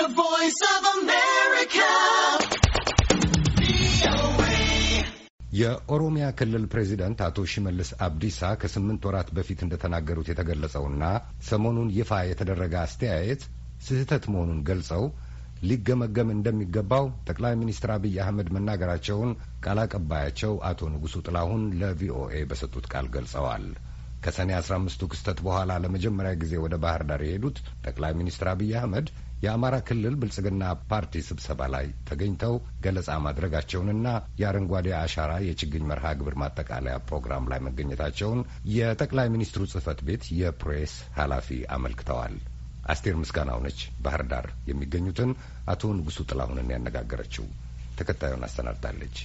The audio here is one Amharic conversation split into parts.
The Voice of America. የኦሮሚያ ክልል ፕሬዚደንት አቶ ሽመልስ አብዲሳ ከስምንት ወራት በፊት እንደተናገሩት የተገለጸውና ሰሞኑን ይፋ የተደረገ አስተያየት ስህተት መሆኑን ገልጸው ሊገመገም እንደሚገባው ጠቅላይ ሚኒስትር አብይ አህመድ መናገራቸውን ቃል አቀባያቸው አቶ ንጉሱ ጥላሁን ለቪኦኤ በሰጡት ቃል ገልጸዋል። ከሰኔ አስራ አምስቱ ክስተት በኋላ ለመጀመሪያ ጊዜ ወደ ባህር ዳር የሄዱት ጠቅላይ ሚኒስትር አብይ አህመድ የአማራ ክልል ብልጽግና ፓርቲ ስብሰባ ላይ ተገኝተው ገለጻ ማድረጋቸውንና የአረንጓዴ አሻራ የችግኝ መርሃ ግብር ማጠቃለያ ፕሮግራም ላይ መገኘታቸውን የጠቅላይ ሚኒስትሩ ጽህፈት ቤት የፕሬስ ኃላፊ አመልክተዋል። አስቴር ምስጋናው ነች ባህር ዳር የሚገኙትን አቶ ንጉሱ ጥላሁንን ያነጋገረችው፣ ተከታዩን አሰናድታለች።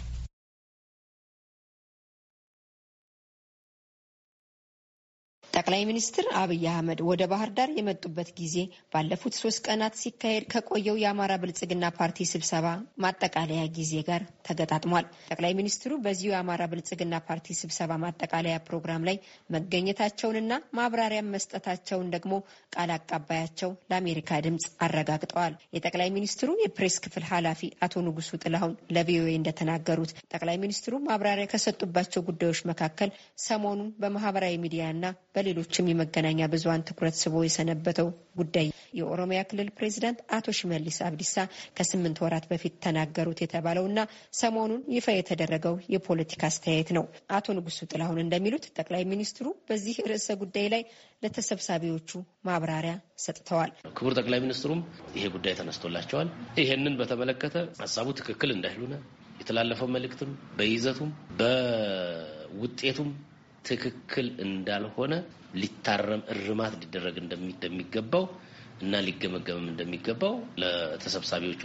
ጠቅላይ ሚኒስትር አብይ አህመድ ወደ ባህር ዳር የመጡበት ጊዜ ባለፉት ሶስት ቀናት ሲካሄድ ከቆየው የአማራ ብልጽግና ፓርቲ ስብሰባ ማጠቃለያ ጊዜ ጋር ተገጣጥሟል። ጠቅላይ ሚኒስትሩ በዚሁ የአማራ ብልጽግና ፓርቲ ስብሰባ ማጠቃለያ ፕሮግራም ላይ መገኘታቸውንና ማብራሪያም መስጠታቸውን ደግሞ ቃል አቀባያቸው ለአሜሪካ ድምፅ አረጋግጠዋል። የጠቅላይ ሚኒስትሩ የፕሬስ ክፍል ኃላፊ አቶ ንጉሱ ጥላሁን ለቪኦኤ እንደተናገሩት ጠቅላይ ሚኒስትሩ ማብራሪያ ከሰጡባቸው ጉዳዮች መካከል ሰሞኑን በማህበራዊ ሚዲያና በ በሌሎችም የመገናኛ ብዙሀን ትኩረት ስቦ የሰነበተው ጉዳይ የኦሮሚያ ክልል ፕሬዚዳንት አቶ ሽመልስ አብዲሳ ከስምንት ወራት በፊት ተናገሩት የተባለው ና ሰሞኑን ይፋ የተደረገው የፖለቲካ አስተያየት ነው። አቶ ንጉሱ ጥላሁን እንደሚሉት ጠቅላይ ሚኒስትሩ በዚህ ርዕሰ ጉዳይ ላይ ለተሰብሳቢዎቹ ማብራሪያ ሰጥተዋል። ክቡር ጠቅላይ ሚኒስትሩም ይሄ ጉዳይ ተነስቶላቸዋል። ይሄንን በተመለከተ ሀሳቡ ትክክል እንዳይሉነ የተላለፈው መልእክትም በይዘቱም በውጤቱም ትክክል እንዳልሆነ ሊታረም እርማት ሊደረግ እንደሚገባው እና ሊገመገምም እንደሚገባው ለተሰብሳቢዎቹ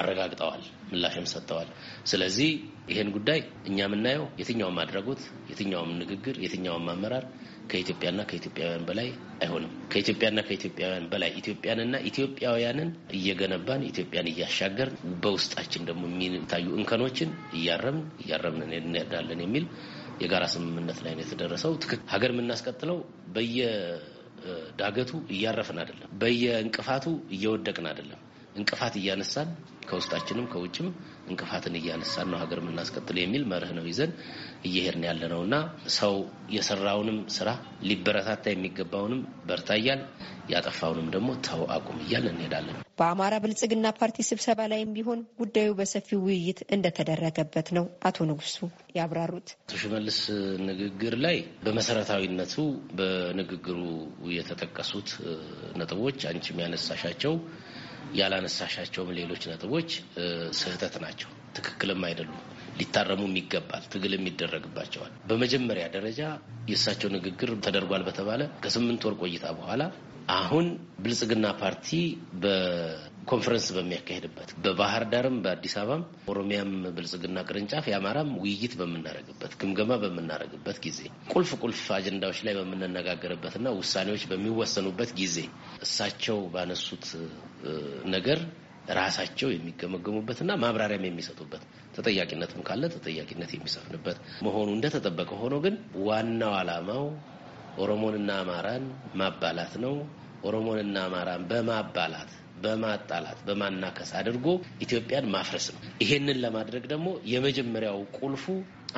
አረጋግጠዋል፣ ምላሽም ሰጥተዋል። ስለዚህ ይህን ጉዳይ እኛ የምናየው የትኛውም አድራጎት፣ የትኛውም ንግግር፣ የትኛውም አመራር ከኢትዮጵያና ከኢትዮጵያውያን በላይ አይሆንም። ከኢትዮጵያና ከኢትዮጵያውያን በላይ ኢትዮጵያንና ኢትዮጵያውያንን እየገነባን ኢትዮጵያን እያሻገርን በውስጣችን ደግሞ የሚታዩ እንከኖችን እያረምን እያረምን እንሄዳለን የሚል የጋራ ስምምነት ላይ ነው የተደረሰው። ትክክል ሀገር የምናስቀጥለው በየዳገቱ እያረፍን አይደለም፣ በየእንቅፋቱ እየወደቅን አይደለም። እንቅፋት እያነሳን ከውስጣችንም ከውጭም እንቅፋትን እያነሳን ነው ሀገር የምናስቀጥለው የሚል መርህ ነው ይዘን እየሄድን ያለ ነው እና ሰው የሰራውንም ስራ ሊበረታታ የሚገባውንም በርታ እያል ያጠፋውንም ደግሞ ተው አቁም እያል እንሄዳለን። በአማራ ብልጽግና ፓርቲ ስብሰባ ላይም ቢሆን ጉዳዩ በሰፊው ውይይት እንደተደረገበት ነው አቶ ንጉሱ ያብራሩት። አቶ ሽመልስ ንግግር ላይ በመሰረታዊነቱ በንግግሩ የተጠቀሱት ነጥቦች አንቺም ያነሳሻቸው ያላነሳሻቸውም ሌሎች ነጥቦች ስህተት ናቸው፣ ትክክልም አይደሉም፣ ሊታረሙም ይገባል፣ ትግልም ይደረግባቸዋል። በመጀመሪያ ደረጃ የእሳቸው ንግግር ተደርጓል በተባለ ከስምንት ወር ቆይታ በኋላ አሁን ብልጽግና ፓርቲ በ ኮንፈረንስ በሚያካሄድበት በባህር ዳርም በአዲስ አበባም ኦሮሚያም ብልጽግና ቅርንጫፍ የአማራም ውይይት በምናደርግበት ግምገማ በምናደርግበት ጊዜ ቁልፍ ቁልፍ አጀንዳዎች ላይ በምንነጋገርበትና ውሳኔዎች በሚወሰኑበት ጊዜ እሳቸው ባነሱት ነገር ራሳቸው የሚገመገሙበትና ማብራሪያም የሚሰጡበት ተጠያቂነትም ካለ ተጠያቂነት የሚሰፍንበት መሆኑ እንደተጠበቀ ሆኖ ግን ዋናው ዓላማው ኦሮሞንና አማራን ማባላት ነው። ኦሮሞንና አማራን በማባላት በማጣላት በማናከስ አድርጎ ኢትዮጵያን ማፍረስ ነው። ይሄንን ለማድረግ ደግሞ የመጀመሪያው ቁልፉ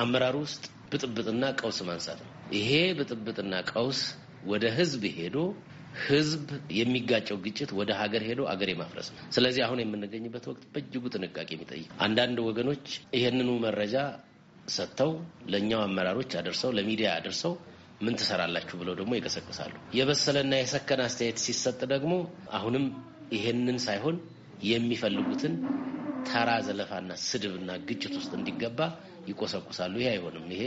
አመራር ውስጥ ብጥብጥና ቀውስ ማንሳት ነው። ይሄ ብጥብጥና ቀውስ ወደ ህዝብ ሄዶ ህዝብ የሚጋጨው ግጭት ወደ ሀገር ሄዶ አገር የማፍረስ ነው። ስለዚህ አሁን የምንገኝበት ወቅት በእጅጉ ጥንቃቄ የሚጠይቅ አንዳንድ ወገኖች ይህንኑ መረጃ ሰጥተው ለእኛው አመራሮች አድርሰው ለሚዲያ አድርሰው ምን ትሰራላችሁ ብለው ደግሞ ይቀሰቅሳሉ። የበሰለና የሰከነ አስተያየት ሲሰጥ ደግሞ አሁንም ይሄንን ሳይሆን የሚፈልጉትን ተራ ዘለፋና ስድብና ግጭት ውስጥ እንዲገባ ይቆሰቁሳሉ። ይሄ አይሆንም። ይሄ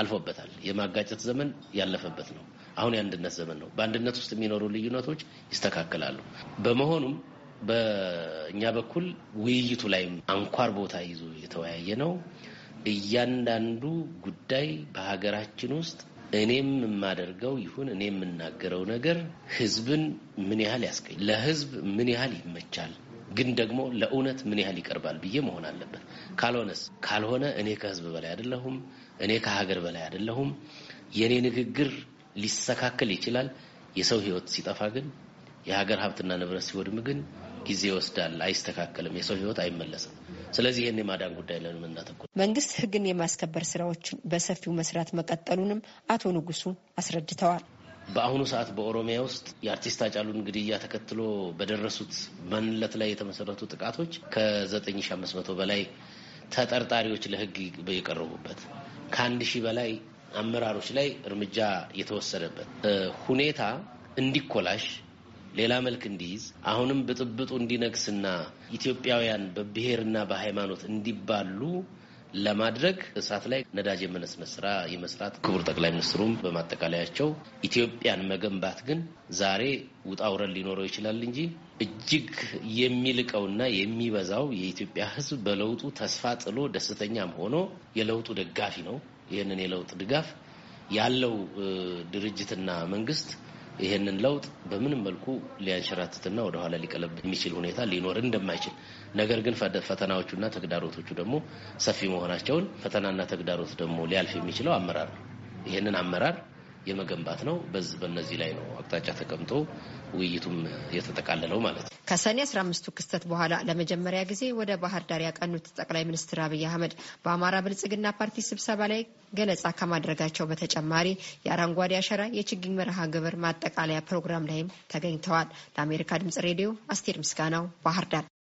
አልፎበታል። የማጋጨት ዘመን ያለፈበት ነው። አሁን የአንድነት ዘመን ነው። በአንድነት ውስጥ የሚኖሩ ልዩነቶች ይስተካከላሉ። በመሆኑም በእኛ በኩል ውይይቱ ላይም አንኳር ቦታ ይዞ የተወያየ ነው። እያንዳንዱ ጉዳይ በሀገራችን ውስጥ እኔም የማደርገው ይሁን እኔ የምናገረው ነገር ህዝብን ምን ያህል ያስቀኝ፣ ለህዝብ ምን ያህል ይመቻል፣ ግን ደግሞ ለእውነት ምን ያህል ይቀርባል ብዬ መሆን አለበት። ካልሆነስ ካልሆነ እኔ ከህዝብ በላይ አይደለሁም፣ እኔ ከሀገር በላይ አይደለሁም። የእኔ ንግግር ሊስተካከል ይችላል። የሰው ህይወት ሲጠፋ ግን የሀገር ሀብትና ንብረት ሲወድም ግን ጊዜ ይወስዳል፣ አይስተካከልም። የሰው ህይወት አይመለስም። ስለዚህ ይህን የማዳን ጉዳይ ለን የምናተኩር መንግስት ህግን የማስከበር ስራዎችን በሰፊው መስራት መቀጠሉንም አቶ ንጉሱ አስረድተዋል። በአሁኑ ሰዓት በኦሮሚያ ውስጥ የአርቲስት ሃጫሉን ግድያ ተከትሎ በደረሱት ማንነት ላይ የተመሰረቱ ጥቃቶች ከ9500 በላይ ተጠርጣሪዎች ለህግ የቀረቡበት ከአንድ ሺህ በላይ አመራሮች ላይ እርምጃ የተወሰደበት ሁኔታ እንዲኮላሽ ሌላ መልክ እንዲይዝ አሁንም ብጥብጡ እንዲነግስና ኢትዮጵያውያን በብሔርና በሃይማኖት እንዲባሉ ለማድረግ እሳት ላይ ነዳጅ የመነስነስ ስራ የመስራት ክቡር ጠቅላይ ሚኒስትሩም በማጠቃለያቸው ኢትዮጵያን መገንባት ግን ዛሬ ውጣውረን ሊኖረው ይችላል እንጂ እጅግ የሚልቀውና የሚበዛው የኢትዮጵያ ሕዝብ በለውጡ ተስፋ ጥሎ ደስተኛም ሆኖ የለውጡ ደጋፊ ነው። ይህንን የለውጥ ድጋፍ ያለው ድርጅትና መንግስት ይሄንን ለውጥ በምንም መልኩ ሊያንሸራትትና ወደኋላ ሊቀለብ የሚችል ሁኔታ ሊኖር እንደማይችል ነገር ግን ፈተናዎቹና ተግዳሮቶቹ ደግሞ ሰፊ መሆናቸውን ፈተናና ተግዳሮት ደግሞ ሊያልፍ የሚችለው አመራር ነው። ይህንን አመራር የመገንባት ነው። በነዚህ ላይ ነው አቅጣጫ ተቀምጦ ውይይቱም የተጠቃለለው ማለት ነው። ከሰኔ 15 ክስተት በኋላ ለመጀመሪያ ጊዜ ወደ ባህር ዳር ያቀኑት ጠቅላይ ሚኒስትር አብይ አህመድ በአማራ ብልጽግና ፓርቲ ስብሰባ ላይ ገለጻ ከማድረጋቸው በተጨማሪ የአረንጓዴ አሻራ የችግኝ መርሃ ግብር ማጠቃለያ ፕሮግራም ላይም ተገኝተዋል። ለአሜሪካ ድምጽ ሬዲዮ አስቴር ምስጋናው ባህር ዳር